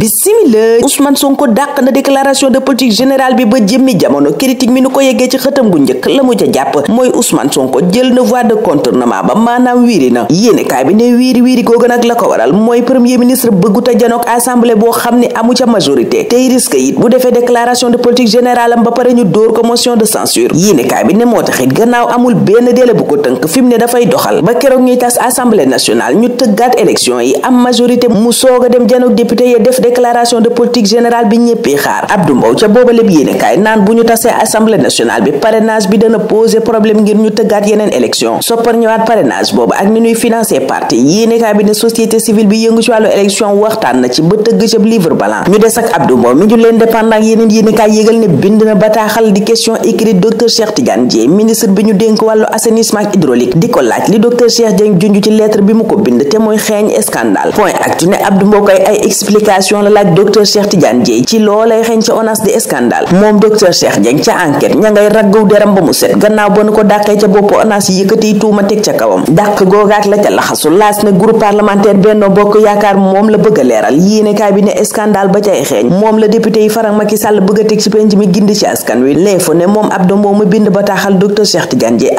Biz la Ousmane Sonko dàq na déclaration de politique général bi ba jëmmi jamono critique mi nu ko yeggee ci xëtam gu njëkk la mu ca jàpp mooy Ousmane Sonko jël na voie de contournement ba maanaam wiiri na yéenekaay bi ne wiiri wiiri googu nag la ko waral mooy premier ministre bëggut a janook assemblée boo xam ni amu ca majorité tey risque yi bu defee déclaration de politique générale am ba pare ñu dóor ko motion de censure yéenekaay bi ne moo tax it gannaaw amul benn délai bu ko tënk fi mu ne dafay doxal ba keroog ñuy tas assemblée nationale ñu tëggaat élection yi am majorité mu soog dem janook député def déclaration déclaration de politique générale bi ñëppee xaar Abdou Mbow ca boobaleb yéenekaay naan bu ñu tasee assemblée nationale bi parrainage bi dana poser problème ngir ñu tëggaat yeneen élection soppar ñëwaat parrainage boobu ak ni ñuy financer parti yéenekaay bi ne société civile bi yëngu ci wàllu élection waxtaan na ci ba tëgg ca livre blanc ñu des ak Abdou Mbow mi ñu l'Indépendant ak yeneen yéenekaay yégal ne bind na bataaxal di question écrite docteur Cheikh Tidiane Dièye docteur Cheikh Tidiane Dièye ci loolay xeeñ ca ONAS di scandale moom docteur Cheikh Dieng ca enquête ña ngay raggaw deram ba mu set gannaaw ba nu ko ca bopp ONAS yi yëkkati tuuma teg ca kawam dàq googaak la ca laxasu moom la bëgg a leeral ba cay xeeñ moom la député yi farang Macky Sall mi gind ci askan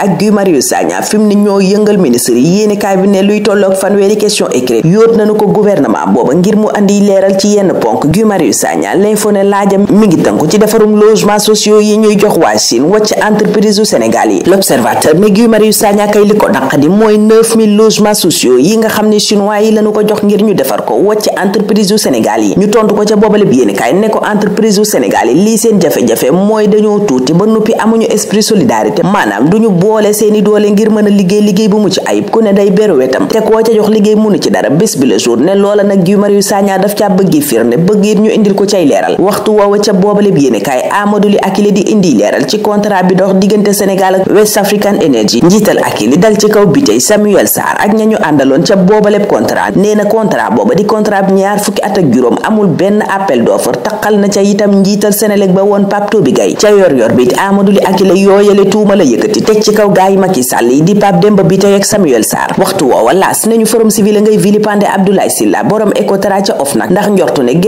ak Guy Marius Sagna fi ne ñoo yëngal ministre yi bi ne luy tolloog fanweeri question écrite yóot nañu ko gouvernement booba ngir mu andi leeral ci yenn ponk donc Guy mari Sagna l'info ne mi ngi tanku ci defarum logement sociaux yi ñuy jox waa Chine wacc entreprise au Sénégal yi l'observateur mi Guy Marius Sagna kay liko ko naqadi 9000 logements sociaux yi nga xamni chinois yi lañu ko jox ngir ñu defar ko wacc entreprise au Sénégal yi ñu tontu ko ci bobale bi yene kay ne ko entreprise au Sénégal yi li seen jafé jafé moy dañu tuti ba amuñu esprit solidarité Manam, duñu boole seeni doole ngir mëna a liggéey liggéey bu mu ci ayib ku ne day beru wétam té ko ca jox liggéey mënu ci dara bis bi le jour ne lola nak Guy Marius daf ca bëggi firne bëgg it ñu indil ko cay leeral waxtu woowa ca boobale bi yéenekaay Amadou Ly Akile di indi leeral ci contrat bi dox diggante Sénégal ak West African Energy njiital Akile dal ci kaw bi tey Samuel Sarr ak ñañu àndaloon ca boobaleb contrat nee na contrat booba di contrat bi ñaar fukki at ak juróom amul benn appel d'offre taqal na ca itam njiital Sénélec ba woon Pape Toby Gaye ca yor yor bi it Amadou Ly Akile yooyale tuuma a yëkkati teg ci kaw gaay Macky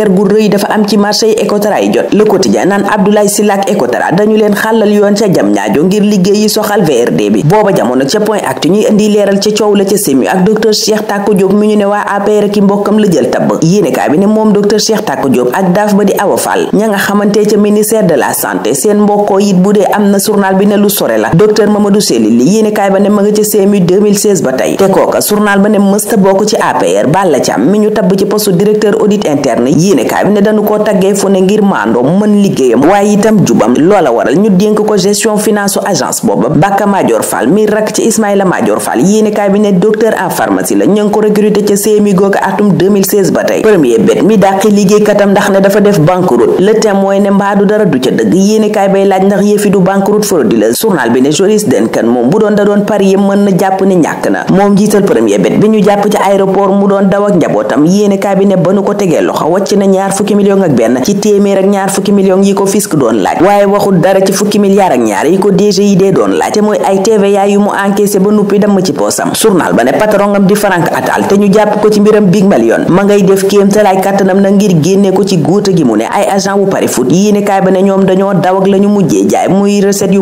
guerre bu dafa am ci marché yi Ecotra yi jot le quotidien naan Abdoulaye Sylla ak Ecotra dañu leen xàllal yoon ca jam ñaajo ngir liggéey yi soxal VRD bi booba jamono ca point actu ñuy indi leeral ca coow la ca semi ak docteur Cheikh Tako Diop mu ñu ne waa APR ki mbokkam la jël tabb yéenekaay bi ne moom docteur Cheikh Tako Diop ak daaf ba di Awa Fall ña nga xamante ca ministère de la santé seen mbokkoo it bu dee am na journal bi ne lu sore la docteur Mamadou Selil li yéenekaay ba ne ma nga ca semi 2016 ba tey te kooka journal ba ne yi yéenekaay bi ne dañu koo taggee fu ne ngir maandoom mën liggéeyam waaye itam jubam loola waral ñu dénk ko gestion finance agence booba Baka Madior Fall mi rak ci Ismaïla Madior Fall yéenekaay bi ne docteur en pharmacie la ñu ko recruter ca CMI googa atum 2016 ba tey premier bet mi dàqi liggéeykatam ndax ne dafa def banqueroute le témoin ne du dara du ca dëgg yéenekaay bay laaj ndax yëfi du banqueroute frauduleuse journal bi ne Joris Denkan moom bu doon da doon parier mën na jàpp ne ñàkk na moom jiital bi ñu jàpp ci aéroport mu doon daw ak njabootam yéenekaay bi ne ko tegee loxo yëkkati na ñaar fukki million ak benn ci téeméer ak ñaar fukki million yi ko fisc doon laaj waaye waxul dara ci fukki milliard ak ñaar yi ko DGID doon laaj te mooy ay TVA yu mu encaissé ba nuppi dama ci poosam journal ba ne patronam di Frank Attal te ñu jàpp ko ci mbiram Big Million ma ngay def kéemtalaay kàttanam na ngir génne ko ci góota gi mu ne ay agent wu pari foot yéene kaay ba ne ñoom dañoo daw ak la ñu mujjee jaay muy recette yu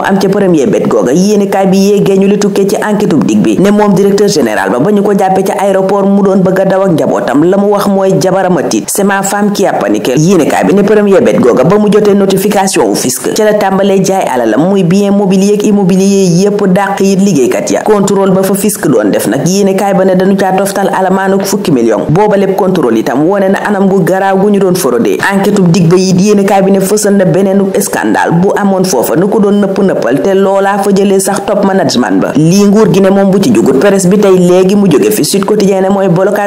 am ca premier bet googa yéene kaay bi yéegee ñu li tukkee ci enquête bi ne moom directeur général ba bëgg njabootam la mu wax mooy jabarama tiit c'est ma femme qui a paniqué yéenekaay bi ne premier bet googa ba mu jotee notification wu fisc ca la tàmbalee jaay alalam muy bien mobilier ak yépp dàq yi liggéeykat ya contrôle ba fa fisc doon def nag yéenekaay ba ne dañu caa toftal fukki million booba lépp contrôle itam wone na anam gu garaaw gu ñu doon forodee enquête dig ba it yéenekaay bi ne fësal na beneenu scandale bu amoon foofa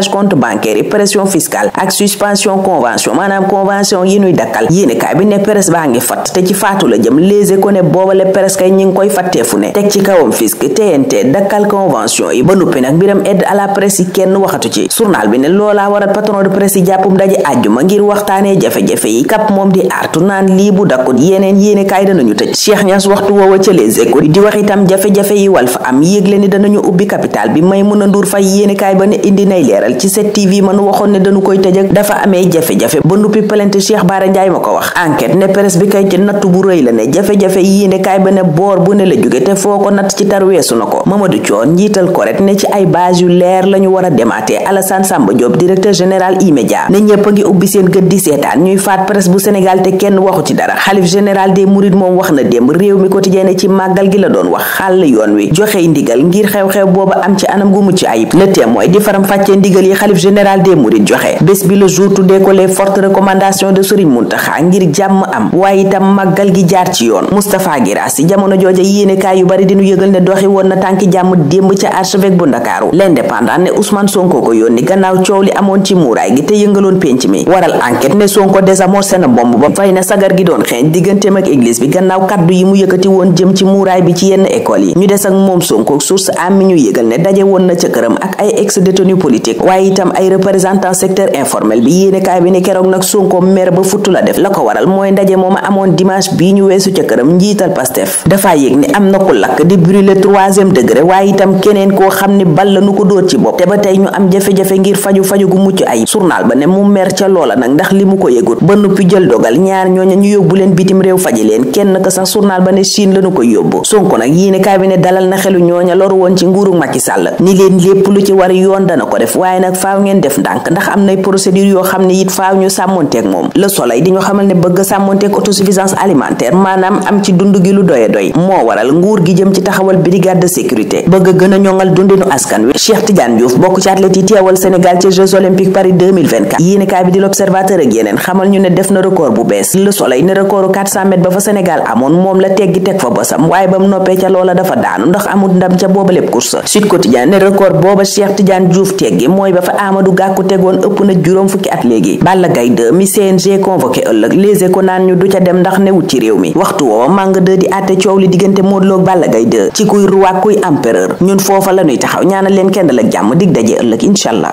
blocage compte bancaire yi pression fiscale ak suspension convention maanaam convention yi nuy dakkal yéene bi ne presse baa ngi fat te ci faatu la jëm léegi ko ne boobale presse kay ñi ngi koy fatteefu ne teg ci kawam fisc TNT dakkal convention yi ba nuppi nag mbiram aide à la presse yi kenn waxatu ci journal bi ne loolaa waral patron de presse yi jàppum daje àjjuma ngir waxtaanee jafe-jafe yi kap moom di artu naan lii bu dakkut yeneen yéene kaay danañu tëj Cheikh waxtu woowa ca les di wax itam jafe yi wal fa am yégle ni danañu ubbi capital bi may mën a nduur fay yéene ba ne indi nay leeral Sénégal ci 7TV manu waxoon ne dañu koy tëj ak dafa amee jafe-jafe ba nuppi plainte Cheikh Bara Ndiaye ma ko wax enquête ne presse bi kay ci natt bu rëy la ne jafe-jafe yii ne kaay ba ne boor bu la jóge te foo ko natt ci tar weesu na ko Mamadou Thion njiital koret ne ci ay base yu leer la ñu war a demaatee Alassane Samba Diop directeur général E-Media ne ñépp a ngi ubbi seen gën di seetaan ñuy faat presse bu Sénégal te kenn waxu ci dara xalif général des murit moom wax na démb réew mi ko quotidien ci màggal gi la doon wax xàll yoon wi joxe ndigal ngir xew-xew booba am ci anam gu mucc ay le ndigal yi xalif général des mourides joxe bés bi le jour tuddee ko les fortes recommandations de Serigne Mountakha ngir jàmm am waaye itam màggal gi jaar ci yoon Moustapha Guirassy jamono jooja yéenekaay yu bari dinu yëgal ne doxi woon na tànki jàmm démb ca archevêque bu Ndakaaru l'indépendant ne Ousmane Sonko ko yónni gannaaw coow li amoon ci muuraay gi te yëngaloon penc mi waral enquête ne Sonko désamorcé na bomb ba fay na sagar gi doon xeeñ digganteem ak église mu yëkkati yi ñu des ak moom Sonko source am mi ñu waaye itam ay représentant secteur informel bi yéenekaay bi ne keroog nag Sonko mer ba futtu la def la ko waral mooy ndaje a amoon dimanche bii ñu weesu ca këram njiital Pastef dafa yëg ni am na ko lakk di brûler troisième degré waaye itam keneen koo xam ne bal la nu ko dóor ci bopp te ba tey ñu am jafe-jafe ngir faju faju gu mucc ay journal ba ne mu mer ca loola nag ndax li mu ko yëgut ba noppi jël dogal ñaar ñooña ñu yóbbu leen bitim réew faji leen kenn ka sax ba ne Chine lañu koy yóbbu Sonko nag yéenekaay bi ne dalal na xelu ñooña loru woon ci nguuru Macky Sall ni leen lépp lu ci war yoon dana ko def nag faaw ngeen def ndànk ndax am nay procédure yoo xam ne it faaw ñu sàmmonteeg moom le soleil di xamal ne bëgg sàmmonteeg autosuffisance alimentaire maanaam am ci dund gi lu doye moo waral nguur gi jëm ci taxawal brigade de sécurité bëgg gën a ñoŋal dundinu askan wi Cheikh Tidiane Diouf bokk ci athlètes yi teewal Sénégal ci Jeux olympiques Paris 2024 bi di l'observateur ak yeneen xamal ñu ne def na record bu bees la teggi ne record booba ba fa Amadou Gàkku tegoon ëpp na juróom fukki at léegi Balla gay 2 mi CNG convoqué ëllëg lése ko naan ñu du ca dem ndax newut ci réew mi waxtu woowa màng 2 di àtte coow li diggante Modou Lo ak Balla Gaye 2 ci kuy roi kuy empereur ñun foofa la ñuy taxaw ñaanal leen kenn la jàmm dig daje ëllëg incha allah